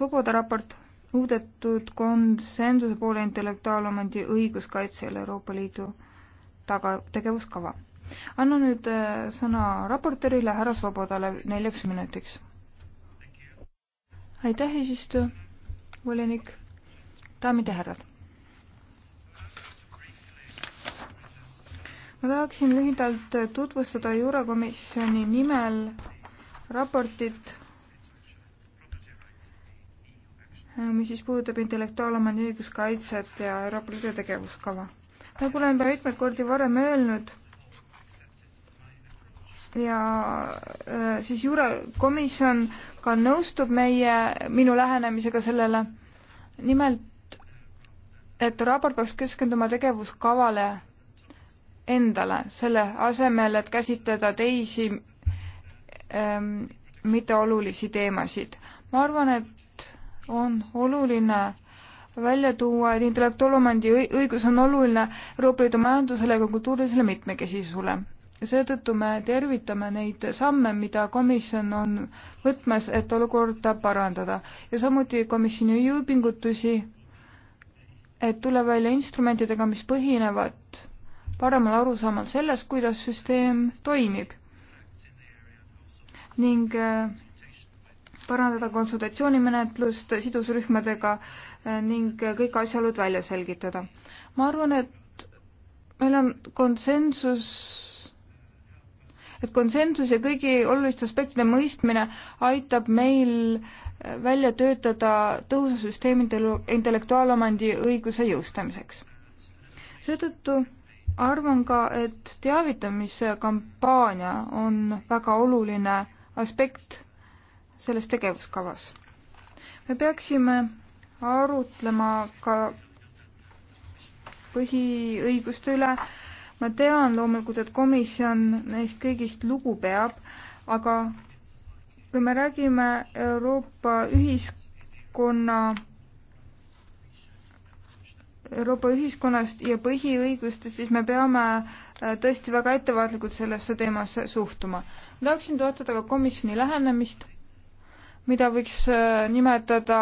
Soboda raport muudetud konsensuse poole intellektuaalomandi õiguskaitsel Euroopa Liidu taga, tegevuskava. annan nüüd äh, sõna raportöörile härra Sobodale neljaks minutiks. aitäh, eesistuja, volinik, daamid ja härrad. ma tahaksin lühidalt tutvustada juurakomisjoni nimel raportit Äh, mis siis puudutab intellektuaalomandi õiguskaitset ja Euroopa Liidu tegevuskava. nagu olen juba mitmeid kordi varem öelnud ja äh, siis juurekomisjon ka nõustub meie, minu lähenemisega sellele, nimelt et raport peaks keskenduma tegevuskavale endale, selle asemel, et käsitleda teisi ähm, mitteolulisi teemasid. ma arvan, et on oluline välja tuua, et intellektuaalomandi õigus on oluline Euroopa Liidu majandusele ja kultuurilisele mitmekesisusele. seetõttu me tervitame neid samme, mida komisjon on võtmas, et olukorda parandada ja samuti komisjoni jõupingutusi, et tulla välja instrumentidega, mis põhinevad paremal arusaamal sellest, kuidas süsteem toimib ning äh, parandada konsultatsioonimenetlust sidusrühmadega eh, ning kõik asjaolud välja selgitada. ma arvan, et meil on konsensus, et konsensus ja kõigi oluliste aspektide mõistmine aitab meil eh, välja töötada tõhusa süsteemi intellektuaalomandi õiguse jõustamiseks. seetõttu arvan ka, et teavitamise kampaania on väga oluline aspekt selles tegevuskavas. me peaksime arutlema ka põhiõiguste üle. ma tean loomulikult, et komisjon neist kõigist lugu peab, aga kui me räägime Euroopa ühiskonna, Euroopa ühiskonnast ja põhiõigustest, siis me peame äh, tõesti väga ettevaatlikult sellesse teemasse suhtuma. ma tahaksin toetada ka komisjoni lähenemist mida võiks äh, nimetada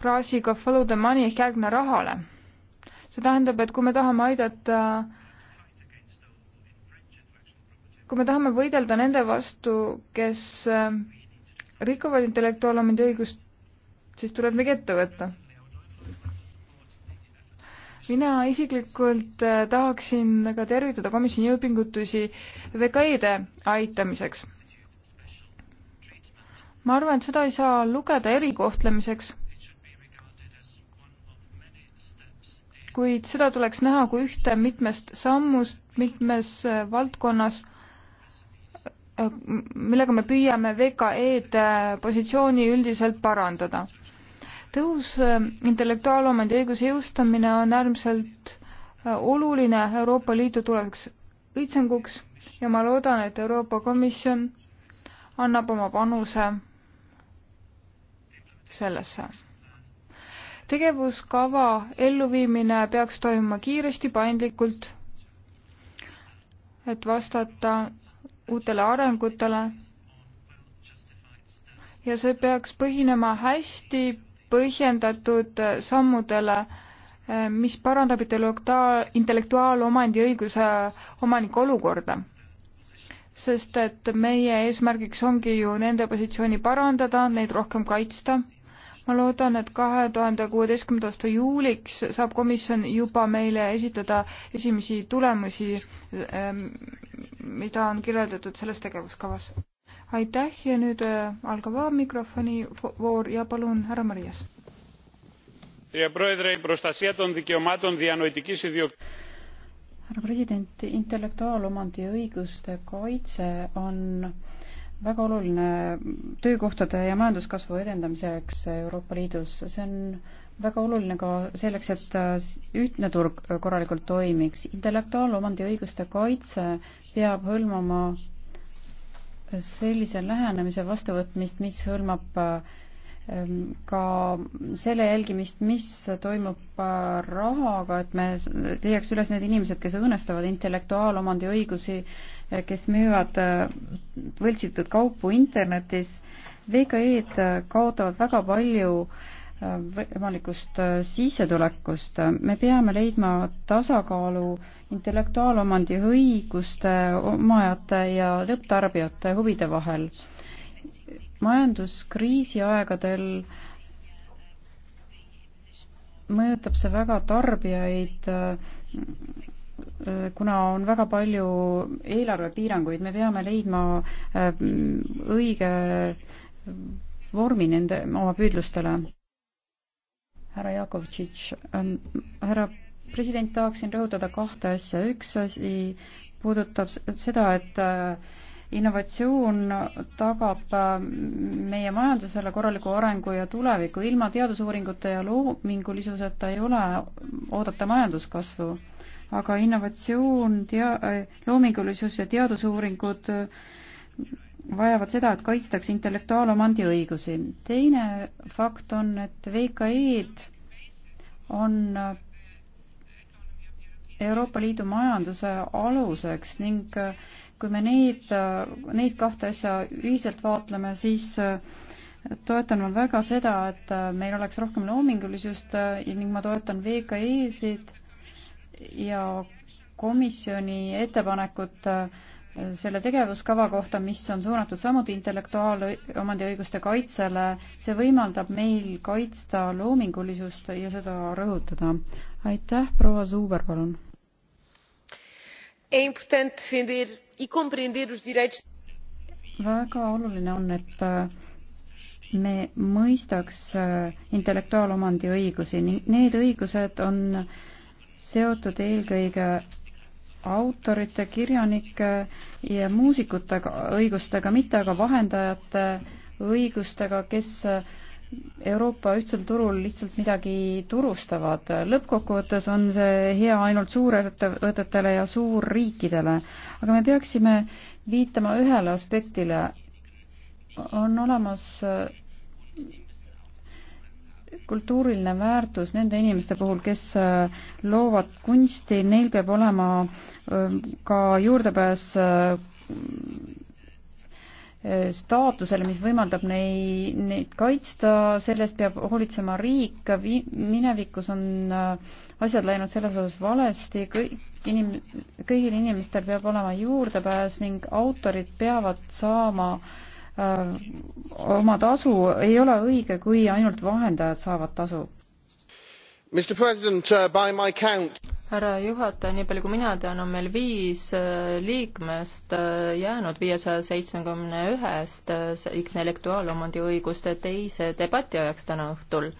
fraasiga follow the money ehk järgne rahale. see tähendab, et kui me tahame aidata kui me tahame võidelda nende vastu, kes äh, rikuvad intellektuaalomandi õigust, siis tuleb midagi ette võtta. mina isiklikult äh, tahaksin ka tervitada komisjoni jõupingutusi VKE-de aitamiseks ma arvan, et seda ei saa lugeda erikohtlemiseks, kuid seda tuleks näha kui ühte mitmest sammust mitmes äh, valdkonnas, äh, millega me püüame VKE-de äh, positsiooni üldiselt parandada. tõhus intellektuaalomandi õiguse jõustamine on äärmiselt oluline Euroopa Liidu tuleviks õitsenguks ja ma loodan, et Euroopa Komisjon annab oma panuse sellesse. tegevuskava elluviimine peaks toimuma kiiresti, paindlikult, et vastata uutele arengutele ja see peaks põhinema hästi põhjendatud sammudele, mis parandab intellektuaalomandi õiguse omaniku olukorda. sest et meie eesmärgiks ongi ju nende positsiooni parandada, neid rohkem kaitsta ma loodan, et kahe tuhande kuueteistkümnenda aasta juuliks saab komisjon juba meile esitada esimesi tulemusi, ähm, mida on kirjeldatud selles tegevuskavas. aitäh ja nüüd äh, algab vaba mikrofoni voor ja palun, härra Marias. härra president, intellektuaalomandi õiguste kaitse on väga oluline töökohtade ja majanduskasvu edendamiseks Euroopa Liidus, see on väga oluline ka selleks, et ühtne turg korralikult toimiks. intellektuaalomandi õiguste kaitse peab hõlmama sellise lähenemise vastuvõtmist, mis hõlmab äh, Ehm, ka selle jälgimist, mis toimub äh, rahaga, et me leiaks üles need inimesed, kes õõnestavad intellektuaalomandi õigusi, äh, kes müüvad äh, võltsitud kaupu internetis. VKE-d kaotavad väga palju võimalikust sissetulekust. me peame leidma tasakaalu intellektuaalomandi õiguste omajate ja lõpptarbijate huvide vahel majanduskriisi aegadel mõjutab see väga tarbijaid, äh, kuna on väga palju eelarvepiiranguid, me peame leidma äh, õige vormi nende oma püüdlustele. härra Jakovtšitš, härra president, tahaksin rõhutada kahte asja. üks asi puudutab seda, et äh, innovatsioon tagab äh, meie majandusele korraliku arengu ja tuleviku. ilma teadusuuringute ja loomingulisuseta ei ole oodata majanduskasvu, aga innovatsioon, tea-, äh, loomingulisus ja teadusuuringud äh, vajavad seda, et kaitstakse intellektuaalomandi õigusi. teine fakt on, et VKE-d on Euroopa Liidu majanduse aluseks ning kui me need, neid kahte asja ühiselt vaatleme, siis äh, toetan ma väga seda, et äh, meil oleks rohkem loomingulisust äh, ning ma toetan VKE-sid ja komisjoni ettepanekut selle tegevuskava kohta, mis on suunatud samuti intellektuaalomandiõiguste kaitsele, see võimaldab meil kaitsta loomingulisust ja seda rõhutada. aitäh, proua Zuber, palun! E important findir E väga oluline on, et äh, me mõistaks äh, intellektuaalomandi õigusi ning need õigused on seotud eelkõige autorite, kirjanike ja muusikute õigustega, mitte aga vahendajate õigustega, kes äh, Euroopa ühtsel turul lihtsalt midagi turustavad. lõppkokkuvõttes on see hea ainult suurettevõtetele ja suurriikidele, aga me peaksime viitama ühele aspektile. on olemas äh, kultuuriline väärtus nende inimeste puhul, kes äh, loovad kunsti, neil peab olema äh, ka juurdepääs Eh, staatusele, mis võimaldab nei-, neid kaitsta, sellest peab hoolitsema riik, vi-, minevikus on eh, asjad läinud selles osas valesti, kõik inim-, kõigil inimestel peab olema juurdepääs ning autorid peavad saama öö, eh, oma tasu, ei ole õige, kui ainult vahendajad saavad tasu Uh, härra juhataja nii palju kui mina tean on meil viis äh, liikmest äh, jäänud viiesaja seitsmekümne ühest äh, intellektuaalomandi õiguste teise debati ajaks täna õhtul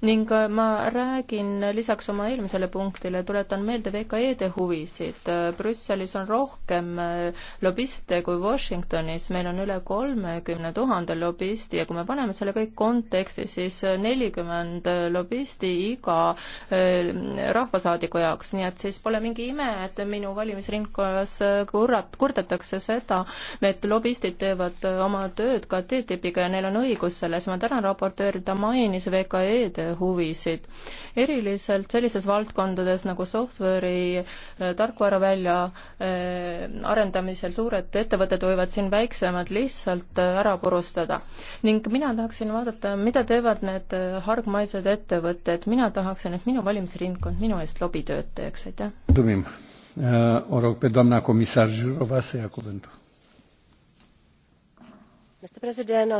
ning äh, ma räägin lisaks oma eelmisele punktile, tuletan meelde VKE-de huvisid. Brüsselis on rohkem äh, lobiste kui Washingtonis, meil on üle kolmekümne tuhande lobisti ja kui me paneme selle kõik konteksti, siis nelikümmend lobisti iga äh, rahvasaadiku jaoks, nii et siis pole mingi ime, et minu valimisringkonnas kurrat-, kurdetakse seda, et lobistid teevad oma tööd ka TTIP-iga ja neil on õigus selles. ma tänan raportööri, ta mainis VKE-d huvisid. eriliselt sellises valdkondades nagu software'i eh, tarkvara välja eh, arendamisel suured ettevõtted võivad siin väiksemad lihtsalt eh, ära purustada. ning mina tahaksin vaadata, mida teevad need hargmaised ettevõtted, mina tahaksin, et minu valimisringkond minu eest lobitööd teeks, aitäh. O rog pe doamna comisar Jurova să ia cuvântul. Mr. President,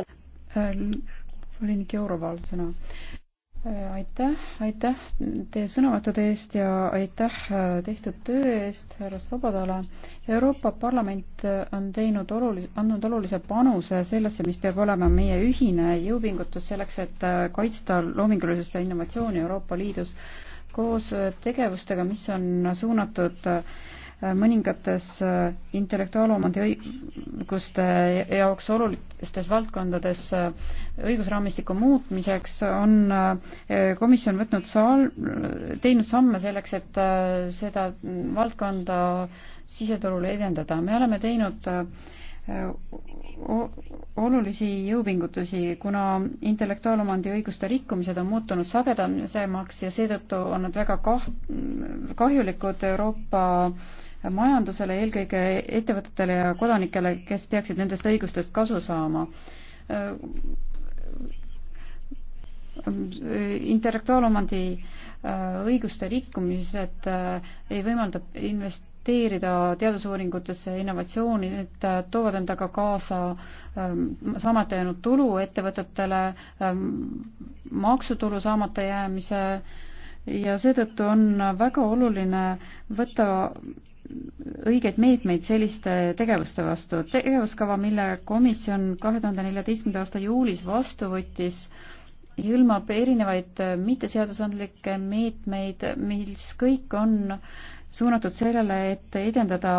äh, volinik Jouroval sõna aitäh, aitäh teie sõnavõttude eest ja aitäh äh, tehtud töö eest härra Svobodale. Euroopa Parlament on teinud olulise, andnud olulise panuse sellesse, mis peab olema meie ühine jõupingutus selleks, et äh, kaitsta loomingulisust ja innovatsiooni Euroopa Liidus koos äh, tegevustega, mis on suunatud äh, mõningates äh, intellektuaalomandi õiguste jaoks olulistes valdkondades äh, õigusraamistiku muutmiseks on äh, komisjon võtnud saal, teinud samme selleks, et seda valdkonda siseturule edendada. me oleme teinud olulisi jõupingutusi, kuna intellektuaalomandi õiguste rikkumised on muutunud sagedasemaks ja seetõttu on nad väga kah-, kahjulikud Euroopa äh, majandusele, eelkõige ettevõtetele ja kodanikele, kes peaksid nendest õigustest kasu saama. intellektuaalomandi õiguste rikkumised äh, ei võimalda invest-, investeerida teadusuuringutesse ja innovatsiooni, need äh, toovad endaga kaasa ähm, saamata jäänud tulu ettevõtetele, ähm, maksutulu saamata jäämise ja seetõttu on väga oluline võtta õigeid meetmeid selliste tegevuste vastu. tegevuskava, mille komisjon kahe tuhande neljateistkümnenda aasta juulis vastu võttis, hõlmab erinevaid mitteseadusandlikke meetmeid, mis kõik on suunatud sellele, et edendada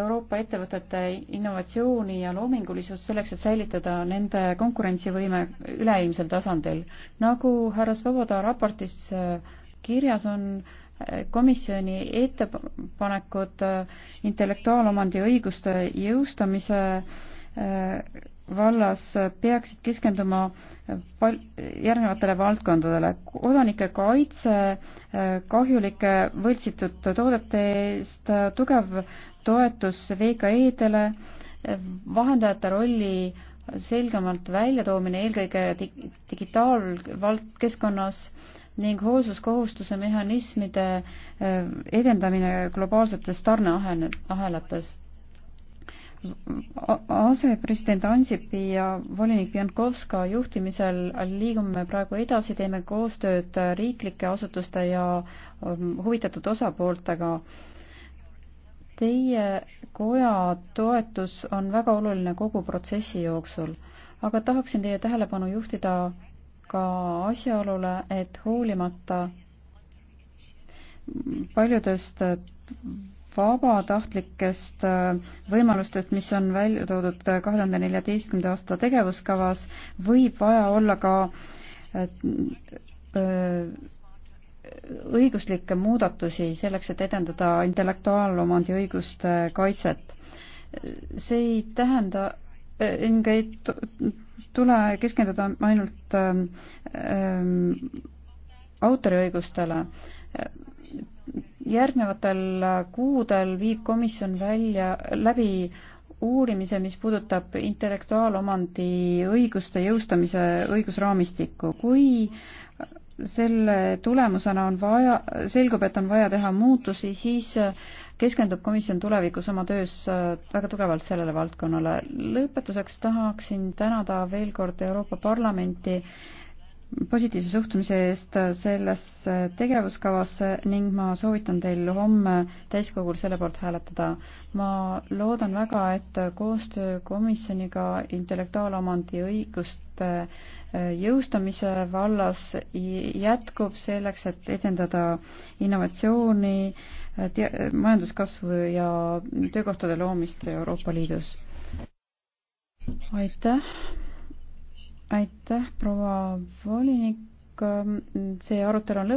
Euroopa ettevõtete innovatsiooni ja loomingulisust selleks, et säilitada nende konkurentsivõime üleilmsel tasandil. nagu härra Svoboda raportis kirjas on, komisjoni ettepanekud äh, intellektuaalomandi õiguste jõustamise äh, vallas peaksid keskenduma pal-, järgnevatele valdkondadele. kodanike kaitse äh, kahjulike võltsitud toodete eest, tugev toetus VKE-dele, vahendajate rolli selgemalt väljatoomine eelkõige digitaalvald-, keskkonnas äh,, ning hoolsuskohustuse mehhanismide eh, edendamine globaalsetes tarneahelates. asepresident Ansipi ja volinik Jankovska juhtimisel liigume praegu edasi, teeme koostööd riiklike asutuste ja mm, huvitatud osapooltega Teie koja toetus on väga oluline kogu protsessi jooksul, aga tahaksin teie tähelepanu juhtida ka asjaolule, et hoolimata paljudest vabatahtlikest võimalustest, mis on välja toodud kahe tuhande neljateistkümnenda aasta tegevuskavas, võib vaja olla ka õiguslikke muudatusi selleks, et edendada intellektuaalomandi õiguste kaitset. see ei tähenda, ning ei tule keskenduda ainult ähm, ähm, autoriõigustele. järgnevatel kuudel viib komisjon välja, läbi uurimise, mis puudutab intellektuaalomandi õiguste jõustamise õigusraamistikku. kui selle tulemusena on vaja, selgub, et on vaja teha muutusi, siis keskendub komisjon tulevikus oma töös äh, väga tugevalt sellele valdkonnale. lõpetuseks tahaksin tänada veel kord Euroopa Parlamenti positiivse suhtumise eest sellesse tegevuskavasse ning ma soovitan teil homme täiskogul selle poolt hääletada. ma loodan väga, et koostöö komisjoniga intellektuaalomandi õiguste äh, jõustamise vallas jätkub selleks, et edendada innovatsiooni, äh, majanduskasvu ja töökohtade loomist Euroopa Liidus. aitäh! aitäh, proua volinik, see arutelu on lõpp-.